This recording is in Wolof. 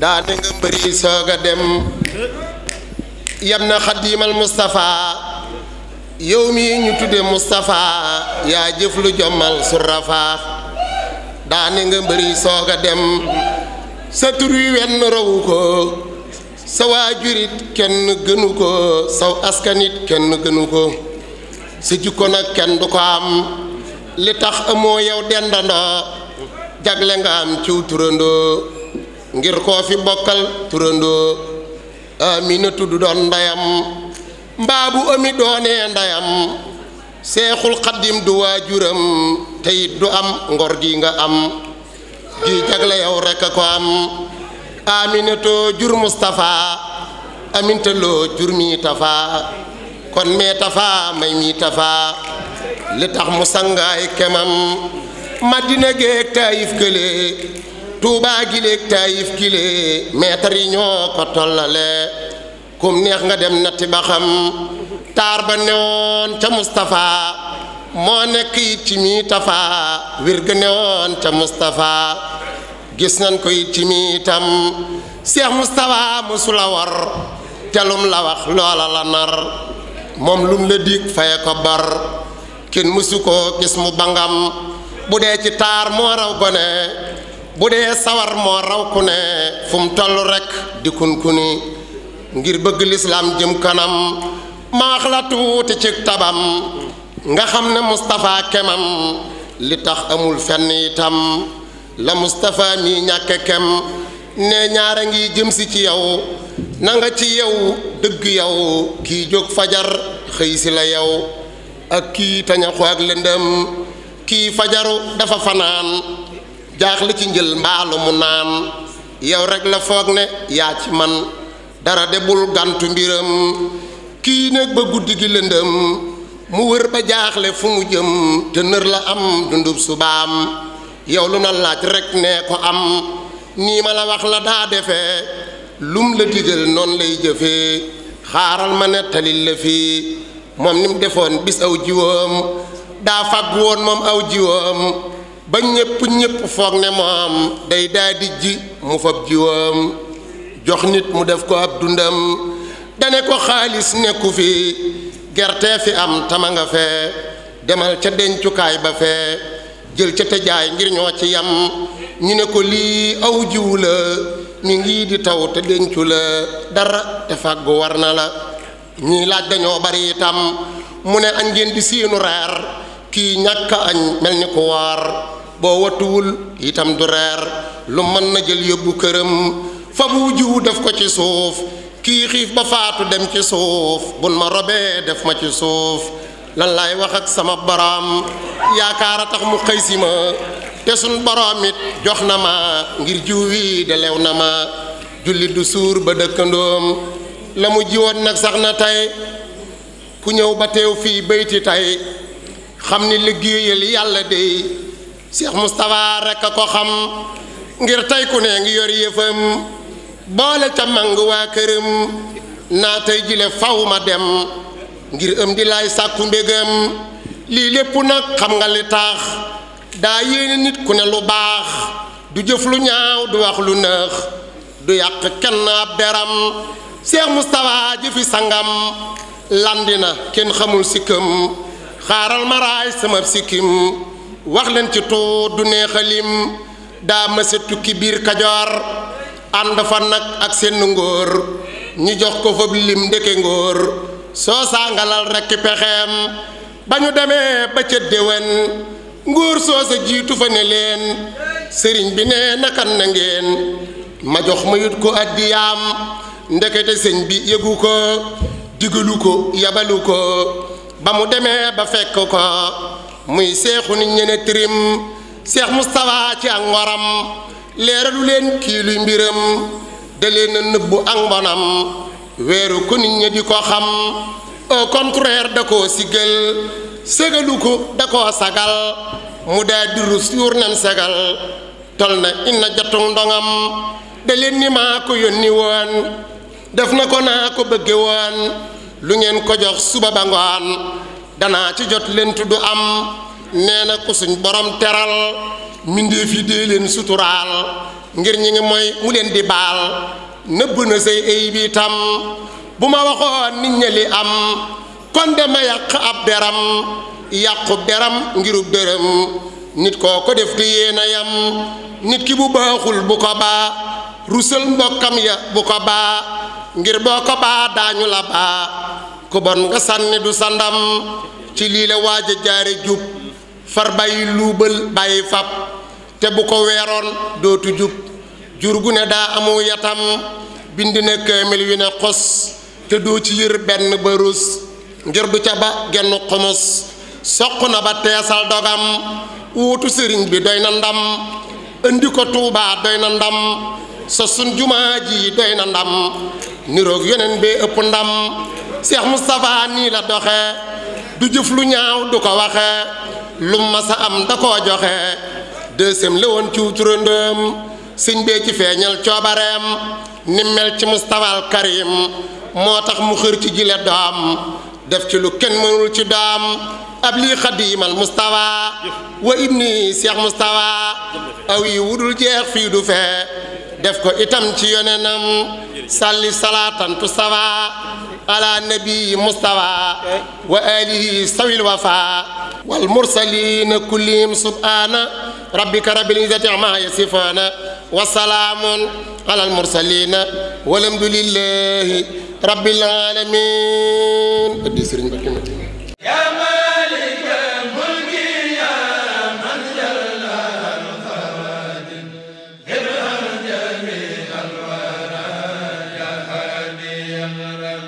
daa ne nga bëri soog a dem yam na xadiimal Moustapha yow mi ñu tudde Moustapha yaa jëf lu jommal su rafaa daa ne nga bëri soog a dem sa tur wi wenn rawu ko sa waajurit kenn gënu ko saw askanit kenn gënu ko sa jikko nag kenn du ko am li tax amoo yow dendandoo jagle nga am ciw turandoo ngir koo fi bokkal turandoo aminatu du doon ndeyam mbaa bu ami doonee ndeyam seexul xaddim du waajuram te it du am ngor gi nga am gi jagle yow rekk ko am aminatoo jur Mustapha amintaloo jur mi tafa kon mee tafa may mi tafa li tax mu sangaay kemam madina géeg taayif kële tuubaa giléeg taayif gilee meetar yi ñoo ko tollale kum neex nga dem natti ba xam taar ba newoon ca Moustapha moo nekk it ci mii tafa wir ga newoon ca nañ ko it ci mii itam Cheikh mosula war telum la wax loola la nar moom lum la dig faye ko bar kenn mosu koo gis mu bangam bu dee ci taar moo raw gone bu dee sawar moo raw ku ne fu mu toll rekk di kunkuni ngir bëgg lislaam jëm kanam maax la tuuti ci tabam nga xam ne Moustapha kemam li tax amul fenn itam la Moustapha mi ñàkk kem ne ñaara ngi jëm si ci yow na nga ci yow dëgg yow kii jóg fajar xëy si la yow ak kii tañaxu ak lëndëm kii fajaru dafa fanaan jaaxle ci njël mbaalu mu naan yow rek la foog ne yaa ci man dara de gantu mbiram kii néeg ba guddi gi lëndëm mu wër ba jaaxle fu mu jëm te nër la am dundub subaam yow lu na laaj rek ne ko am nii ma la wax la daa defee lum la digal noonu lay jëfee xaaral ma nettali la fi moom ni mu defoon bis aw jiwam daa fàgg woon moom aw jiwam ba ñépp ñépp foog ne moom day daldi ji mu fab jiwam jox nit mu def ko ab dundam dane ko xaalis nekku fi gerte fi am tama nga fee demal ca dencukaay ba fee jël ca tëjaay ngir ñoo ci yam ñu ne ko lii aw jiwu la mi ngi di taw te dencu la dara te fàggu war na la ñu laaj dañoo bari itam mu ne añ ngeen di siinu reer kii ñàkk añ mel ni ku war boo wattuwul itam du reer lu mën na jël yóbbu këram fa bu jiwu def ko ci suuf kii xiif ba faatu dem ci suuf bun ma robee def ma ci suuf lan laay wax ak sama boroom yaakaar a tax mu xëy si ma te suñ boroom it jox na ma ngir jiw wi de na ma jullit du suur ba dëkkandoom la mu jiwoon nag sax na tey ku ñëw ba teew fii bayti tey xam ni liggéeyal yàlla dey Cheikh Moustapha rek a ko xam ngir tey ku ne ngi yor yëfam boole ca mang waa këram naa tey jile faw dem ngir ëm di laay sàkku mbégam lii lépp nag xam nga li tax daa yéene nit ku ne lu baax du jëf lu ñaaw du wax lu nëx du yàq kenn ab deram Cheikh Moustapha jëfi sangam landina kenn xamul sikkam xaaral ma raay sama sikkim wax leen ci tuut du ne xalim daa mësa tukki biir kajoor ànd fa nag ak seen ngóor ñi jox ko fab lim ndeke ngóor soo saangalal rekk pexeem ba ñu demee ba ca déwén ngóor soo sa jiitu fa ne leen sëriñ bi ne nakan na ngeen ma jox ma yut ko addiyaam ndekete sëñ bi yëgu ko digalu ko yabalu ko ba mu demee ba fekk ko muy seexu nit ñene tirim seex Moustapha ci ak leeralu leen kii luy mbiram da leen nëbbu ak weeru ko nit ñi di ko xam au contraire da koo sigal ségalu ko da koo sagal mu daa di rus yuur sagal tol na inna jotug ndongam da ni maa ko yónni woon def na ko naa ko bëgge woon lu ngeen ko jox suba ba ngoon danaa ci jot lentu du am nee na ku suñ borom teral mbindéef yi dee leen suturaal ngir ñi ngi mooy mu leen di baal nëbb na sey ay bi bu ma waxoon nit ña am kon de ma ab deram yàqub deram ngirub dërëm nit koo ko def di yéena yam nit ki bu baaxul bu ko baa rusal mbokkam ya bu ko baa ngir boo ko baa daañu la baa ku bon nga sànni du sa ndam ci lii la waaj a jaare jub far bàyyi luubal bàyyi fab te bu ko weeroon dootu jub jur gu ne daa amu yatam bind na kaamil wi ne xos te doo ci yër benn ba rus ngir du ca ba genn xomus soq na ba teesal dogam wuutu sëriñ bi doy na ndam indi ko tuubaa doy na ndam sa sun ji doy na ndam niroog yeneen bee ëpp ndam Cheikh Moustapha nii la doxee du jëf lu ñaaw du ko waxee lu masa am da ko joxe deuxième la woon ciw turandëm sëñ bee ci feeñal coobareem ni mel ci Moustapha al moo tax mu xër ci jile doom def ci lu kenn mënul ci doom ab lii xadiimal Moustapha wa ibni Cheikh Moustapha aw yi wudul jeex fii du fee def ko itam ci yonenam salli salaatan sawa ala nabii mustafa wa alihi sawil wafa wal mursalina kullihim subhana rabbika rabbil izzati amma yasifuna wa salaamun ala al mursalina walhamdulillahi rabbil alamin